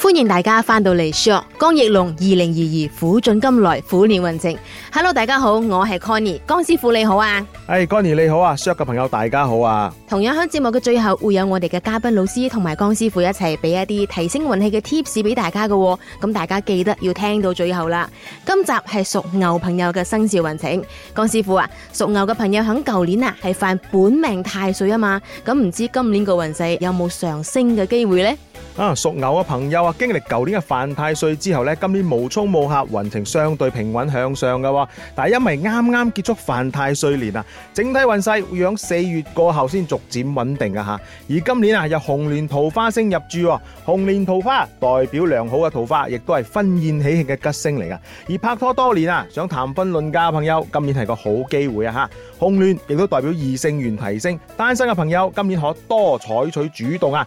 歡迎大家翻到嚟 Shake 江奕龍二零二二虎進金來，虎年運程。Hello，大家好，我係 Cony。江師傅，你好啊。係 Cony，你好啊。Shake 嘅朋友大家好啊。同樣喺節目嘅最後會有我哋嘅嘉賓老師同埋江師傅一齊俾一啲提升運氣嘅 tips 俾大家嘅，咁大家記得要聽到最後啦。今集係屬牛朋友嘅生肖運程。江師傅啊，屬牛嘅朋友響舊年啊係犯本命太歲啊嘛，咁唔知今年個運勢有冇上升嘅機會呢？啊，屬牛嘅朋友啊，經歷舊年嘅犯太歲之後咧，今年無沖無合，運程相對平穩向上嘅。但係因為啱啱結束犯太歲年啦，整體運勢會響四月過後先逐漸穩定嘅吓。而今年啊，有紅鸞桃花星入駐，紅鸞桃花代表良好嘅桃花，亦都係婚宴喜慶嘅吉星嚟噶。而拍拖多年啊，想談婚論嫁嘅朋友，今年係個好機會啊吓。紅鸞亦都代表異性緣提升，單身嘅朋友今年可多採取主動啊。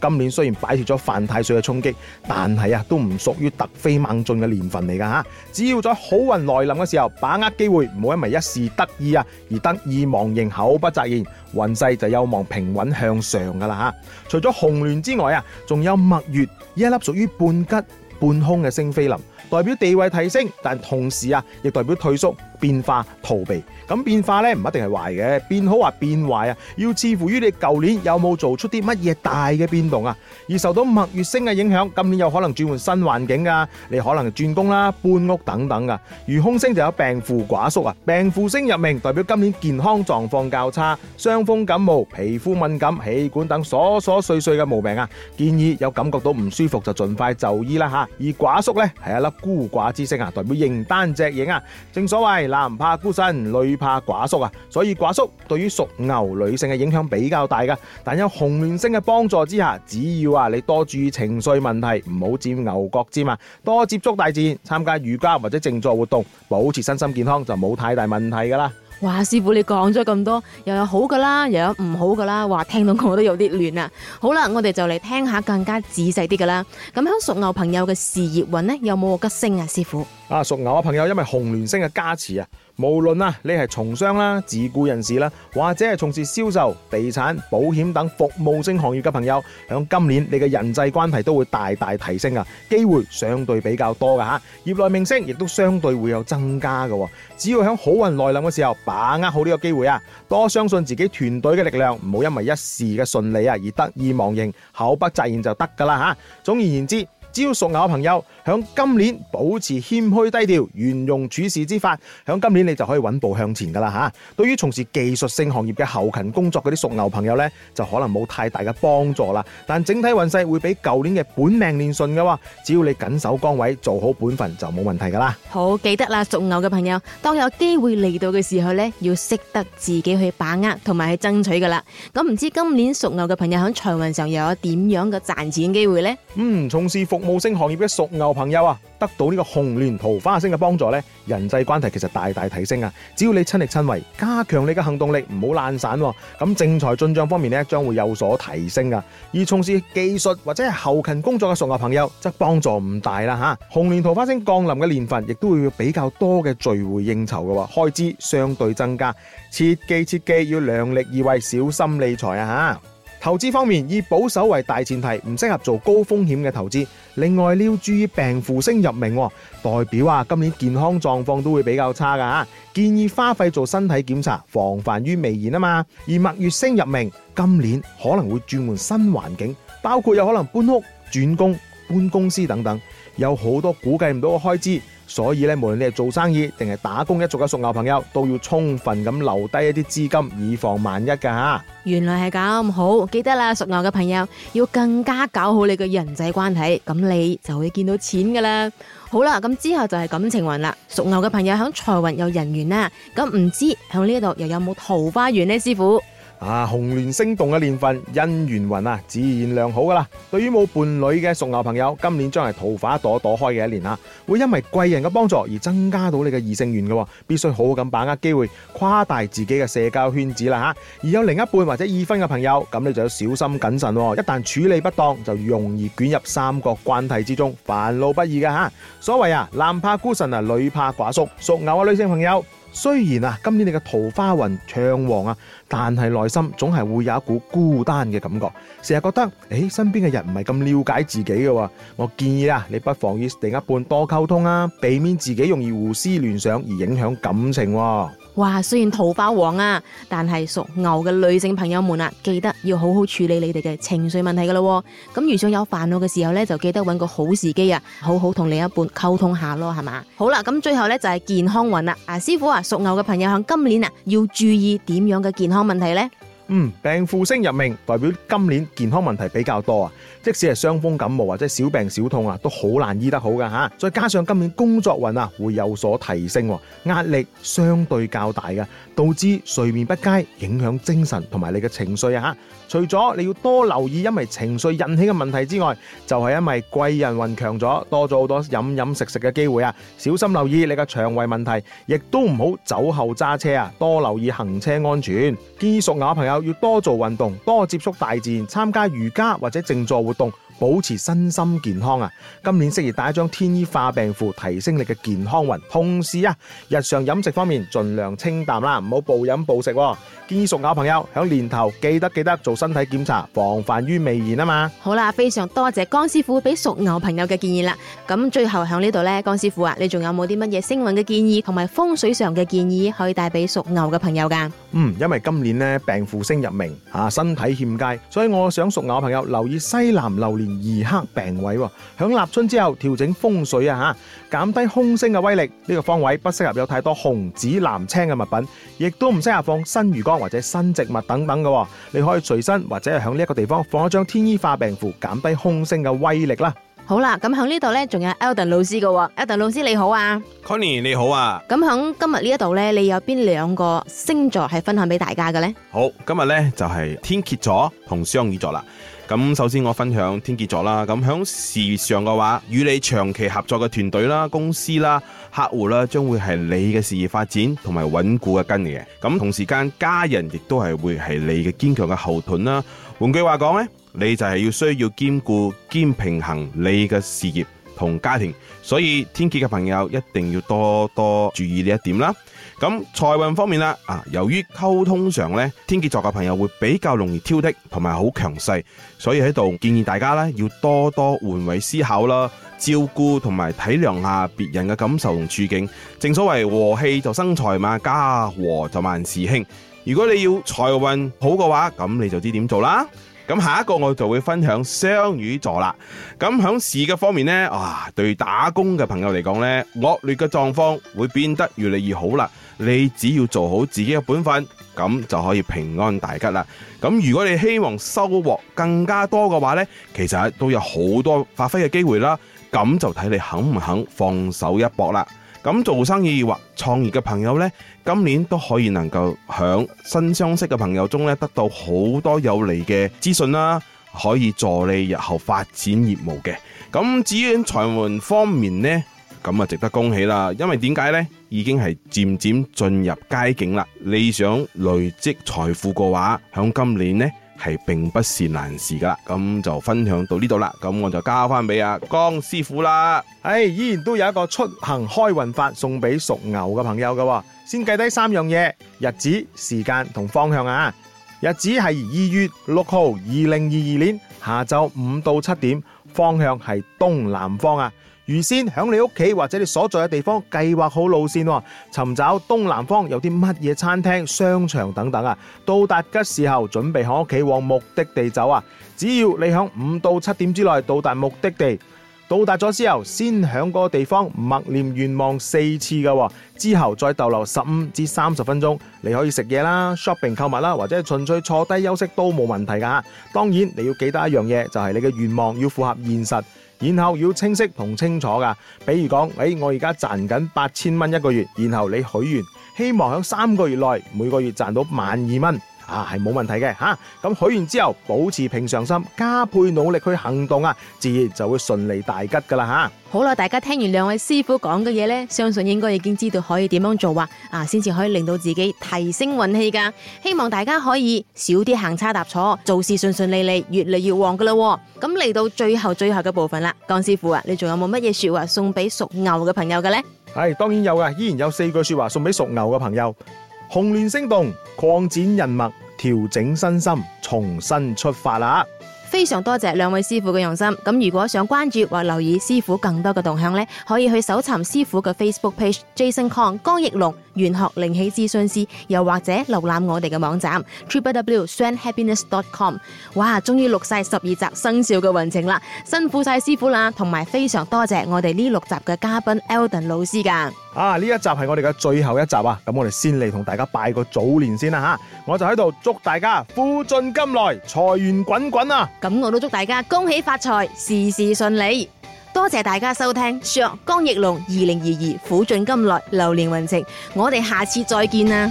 今年雖然擺脫咗犯太歲嘅衝擊，但係啊都唔屬於突飛猛進嘅年份嚟噶吓。只要在好運來臨嘅時候，把握機會，唔好因為一時得意啊，而得意忘形，口不擇言，運勢就有望平穩向上噶啦吓。除咗紅鸞之外啊，仲有墨月，一粒屬於半吉半凶嘅星飛臨，代表地位提升，但同時啊亦代表退縮。變化，逃避，咁變化咧唔一定係壞嘅，變好或變壞啊，要視乎於你舊年有冇做出啲乜嘢大嘅變動啊。而受到五月星嘅影響，今年有可能轉換新環境噶，你可能轉工啦、搬屋等等噶。如空星就有病符寡宿啊，病符星入命代表今年健康狀況較差，傷風感冒、皮膚敏感、氣管等瑣瑣碎碎嘅毛病啊。建議有感覺到唔舒服就盡快就醫啦吓，而寡宿呢，係一粒孤寡之星啊，代表認單隻影啊，正所謂，男怕孤身，女怕寡宿啊！所以寡宿對於屬牛女性嘅影響比較大噶。但有紅鸞星嘅幫助之下，只要啊你多注意情緒問題，唔好占牛角尖啊，多接觸大自然，參加瑜伽或者靜坐活動，保持身心健康，就冇太大問題噶啦。哇，師傅你講咗咁多，又有好噶啦，又有唔好噶啦，話聽到我都有啲亂啊！好啦，我哋就嚟聽下更加仔細啲噶啦。咁喺屬牛朋友嘅事業運呢，有冇吉星啊，師傅？啊，屬牛、啊、朋友，因為紅鸞星嘅加持啊！無論啊，你係從商啦、自僱人士啦，或者係從事銷售、地產、保險等服務性行業嘅朋友，響今年你嘅人際關係都會大大提升啊，機會相對比較多嘅吓，業內名聲亦都相對會有增加嘅。只要響好運來臨嘅時候，把握好呢個機會啊，多相信自己團隊嘅力量，唔好因為一時嘅順利啊而得意忘形，口不擇言就得噶啦吓。總而言之。只要屬牛嘅朋友喺今年保持謙虛低調、圓融處事之法，喺今年你就可以穩步向前噶啦吓。對於從事技術性行業嘅後勤工作嗰啲屬牛朋友呢，就可能冇太大嘅幫助啦。但整體運勢會比舊年嘅本命年順噶喎，只要你緊守崗位做好本分，就冇問題噶啦。好記得啦，屬牛嘅朋友，當有機會嚟到嘅時候呢，要識得自己去把握同埋去爭取噶啦。咁唔知今年屬牛嘅朋友喺財運上又有點樣嘅賺錢機會呢？嗯，從事服務性行業嘅屬牛朋友啊，得到呢個紅鸞桃花星嘅幫助呢人際關係其實大大提升啊！只要你親力親為，加強你嘅行動力，唔好懶散。咁正財進賬方面呢，將會有所提升啊！而從事技術或者係後勤工作嘅屬牛朋友，則幫助唔大啦吓。紅鸞桃花星降臨嘅年份，亦都會有比較多嘅聚會應酬嘅，開支相對增加。切記切記，要量力而為，小心理財啊吓！投資方面以保守為大前提，唔適合做高風險嘅投資。另外，你要注意病符星入命，代表啊今年健康狀況都會比較差噶吓，建議花費做身體檢查，防範於未然啊嘛。而驛馬星入命，今年可能會轉換新環境，包括有可能搬屋、轉工、搬公司等等，有好多估計唔到嘅開支。所以咧，無論你係做生意定係打工一族嘅屬牛朋友，都要充分咁留低一啲資金以防萬一噶吓。原來係咁好，記得啦，屬牛嘅朋友要更加搞好你嘅人際關係，咁你就會見到錢噶啦。好啦，咁之後就係感情運啦，屬牛嘅朋友響財運有人緣啦，咁唔知響呢度又有冇桃花緣呢？師傅？啊，紅鸞星動嘅年份，姻緣運啊，自然良好噶啦。對於冇伴侶嘅屬牛朋友，今年將係桃花朵朵開嘅一年啊，會因為貴人嘅幫助而增加到你嘅異性緣嘅，必須好好咁把握機會，擴大自己嘅社交圈子啦吓。而有另一半或者已婚嘅朋友，咁你就要小心謹慎，一旦處理不當，就容易捲入三角關係之中，煩惱不已嘅吓。所謂啊，男怕孤神啊，女怕寡宿，屬牛嘅、啊、女性朋友。雖然啊，今年你嘅桃花運暢旺啊，但係內心總係會有一股孤單嘅感覺，成日覺得誒、欸，身邊嘅人唔係咁了解自己嘅、啊。我建議啊，你不妨與另一半多溝通啊，避免自己容易胡思亂想而影響感情、啊。哇，雖然桃花旺啊，但係屬牛嘅女性朋友們啊，記得要好好處理你哋嘅情緒問題噶咯。咁遇上有煩惱嘅時候呢，就記得搵個好時機啊，好好同另一半溝通下咯，係咪？好啦，咁最後呢，就係健康運啦。啊，師傅啊，屬牛嘅朋友響今年啊要注意點樣嘅健康問題呢？嗯，病符星入命，代表今年健康問題比較多啊！即使係傷風感冒或者小病小痛啊，都好難醫得好噶吓。再加上今年工作運啊會有所提升，壓力相對較大嘅，導致睡眠不佳，影響精神同埋你嘅情緒啊！吓，除咗你要多留意，因為情緒引起嘅問題之外，就係因為貴人運強咗，多咗好多飲飲食食嘅機會啊！小心留意你嘅腸胃問題，亦都唔好酒後揸車啊！多留意行車安全，建議屬牛嘅朋友。要多做運動，多接觸大自然，參加瑜伽或者靜坐活動。保持身心健康啊！今年適宜帶一張天醫化病符提升你嘅健康運。同時啊，日常飲食方面盡量清淡啦，唔好暴飲暴食。建議屬牛朋友喺年頭記得記得做身體檢查，防範於未然啊嘛。好啦，非常多謝江師傅俾屬牛朋友嘅建議啦。咁最後喺呢度咧，江師傅啊，你仲有冇啲乜嘢星運嘅建議同埋風水上嘅建議可以帶俾屬牛嘅朋友噶？嗯，因為今年咧病符星入命，吓身體欠佳，所以我想屬牛朋友留意西南榴蓮。二黑病位喎，響立春之後調整風水啊吓，減低空星嘅威力。呢個方位不適合有太多紅紫藍青嘅物品，亦都唔適合放新魚缸或者新植物等等嘅。你可以隨身或者係響呢一個地方放一張天醫化病符，減低空星嘅威力啦。好啦，咁響呢度呢，仲有 Elden 老師嘅，Elden 老師你好啊，Connie 你好啊。咁響今日呢一度呢，你有邊兩個星座係分享俾大家嘅呢？好，今日呢，就係天蠍座同雙魚座啦。咁首先我分享天蠍座啦，咁響事業上嘅話，與你長期合作嘅團隊啦、公司啦、客戶啦，將會係你嘅事業發展同埋穩固嘅根嚟嘅。咁同時間家人亦都係會係你嘅堅強嘅後盾啦。換句話講咧，你就係要需要兼顧兼平衡你嘅事業。同家庭，所以天蠍嘅朋友一定要多多注意呢一點啦。咁財運方面啦，啊，由於溝通上呢，天蠍座嘅朋友會比較容易挑剔，同埋好強勢，所以喺度建議大家呢，要多多換位思考啦，照顧同埋體諒下別人嘅感受同處境。正所謂和氣就生財嘛，家和就萬事興。如果你要財運好嘅話，咁你就知點做啦。咁下一個我就會分享雙魚座啦。咁響事業方面呢，啊，對打工嘅朋友嚟講呢，惡劣嘅狀況會變得越嚟越好啦。你只要做好自己嘅本分，咁就可以平安大吉啦。咁如果你希望收穫更加多嘅話呢，其實都有好多發揮嘅機會啦。咁就睇你肯唔肯放手一搏啦。咁做生意或創業嘅朋友呢，今年都可以能夠響新相識嘅朋友中呢得到好多有利嘅資訊啦，可以助你日後發展業務嘅。咁至於財源方面呢，咁啊值得恭喜啦，因為點解呢？已經係漸漸進入佳境啦。你想累積財富嘅話，響今年呢。係並不是難事噶啦，咁就分享到呢度啦。咁我就交翻俾阿江師傅啦。唉、哎，依然都有一個出行開運法送俾屬牛嘅朋友嘅，先計低三樣嘢：日子、時間同方向啊。日子係二月六號，二零二二年下晝五到七點，方向係東南方啊。預先響你屋企或者你所在嘅地方計劃好路線喎，尋找東南方有啲乜嘢餐廳、商場等等啊！到達吉時後，準備喺屋企往目的地走啊！只要你響五到七點之內到達目的地，到達咗之後先響個地方默念願望四次㗎喎，之後再逗留十五至三十分鐘，你可以食嘢啦、shopping 購物啦，或者純粹坐低休息都冇問題噶吓。當然你要記得一樣嘢，就係、是、你嘅願望要符合現實。然後要清晰同清楚㗎，比如講，我而家賺緊八千蚊一個月，然後你許願希望喺三個月內每個月賺到萬二蚊。啊，係冇問題嘅吓，咁、啊、許完之後保持平常心，加倍努力去行動啊，自然就會順利大吉噶啦吓。好、啊、啦，大家聽完兩位師傅講嘅嘢呢，相信應該已經知道可以點樣做啊，啊，先至可以令到自己提升運氣噶。希望大家可以少啲行差踏錯，做事順順利利，越嚟越旺噶啦。咁嚟到最後最後嘅部分啦，江師傅啊，你仲有冇乜嘢說話送俾屬牛嘅朋友嘅呢？係、哎、當然有噶，依然有四句說話送俾屬牛嘅朋友。紅鸞星動，擴展人脈，調整身心，重新出發啦！非常多謝兩位師傅嘅用心。咁如果想關注或留意師傅更多嘅動向，可以去搜尋師傅嘅 Facebook page Jason Kong 江奕龍。玄學靈氣諮詢師，又或者瀏覽我哋嘅網站 www.sendhappiness.com。哇，終於錄晒十二集生肖嘅運程啦，辛苦晒師傅啦，同埋非常多謝我哋呢六集嘅嘉賓 Elden 老師噶。啊，呢一集係我哋嘅最後一集啊，咁我哋先嚟同大家拜個早年先啦，啊、吓，我就喺度祝大家虎進金來，財源滾滾啊！咁我都祝大家恭喜發財，事事順利。多謝大家收聽《石江奕龍》，二零二二虎進金來，流年運程，我哋下次再見啦。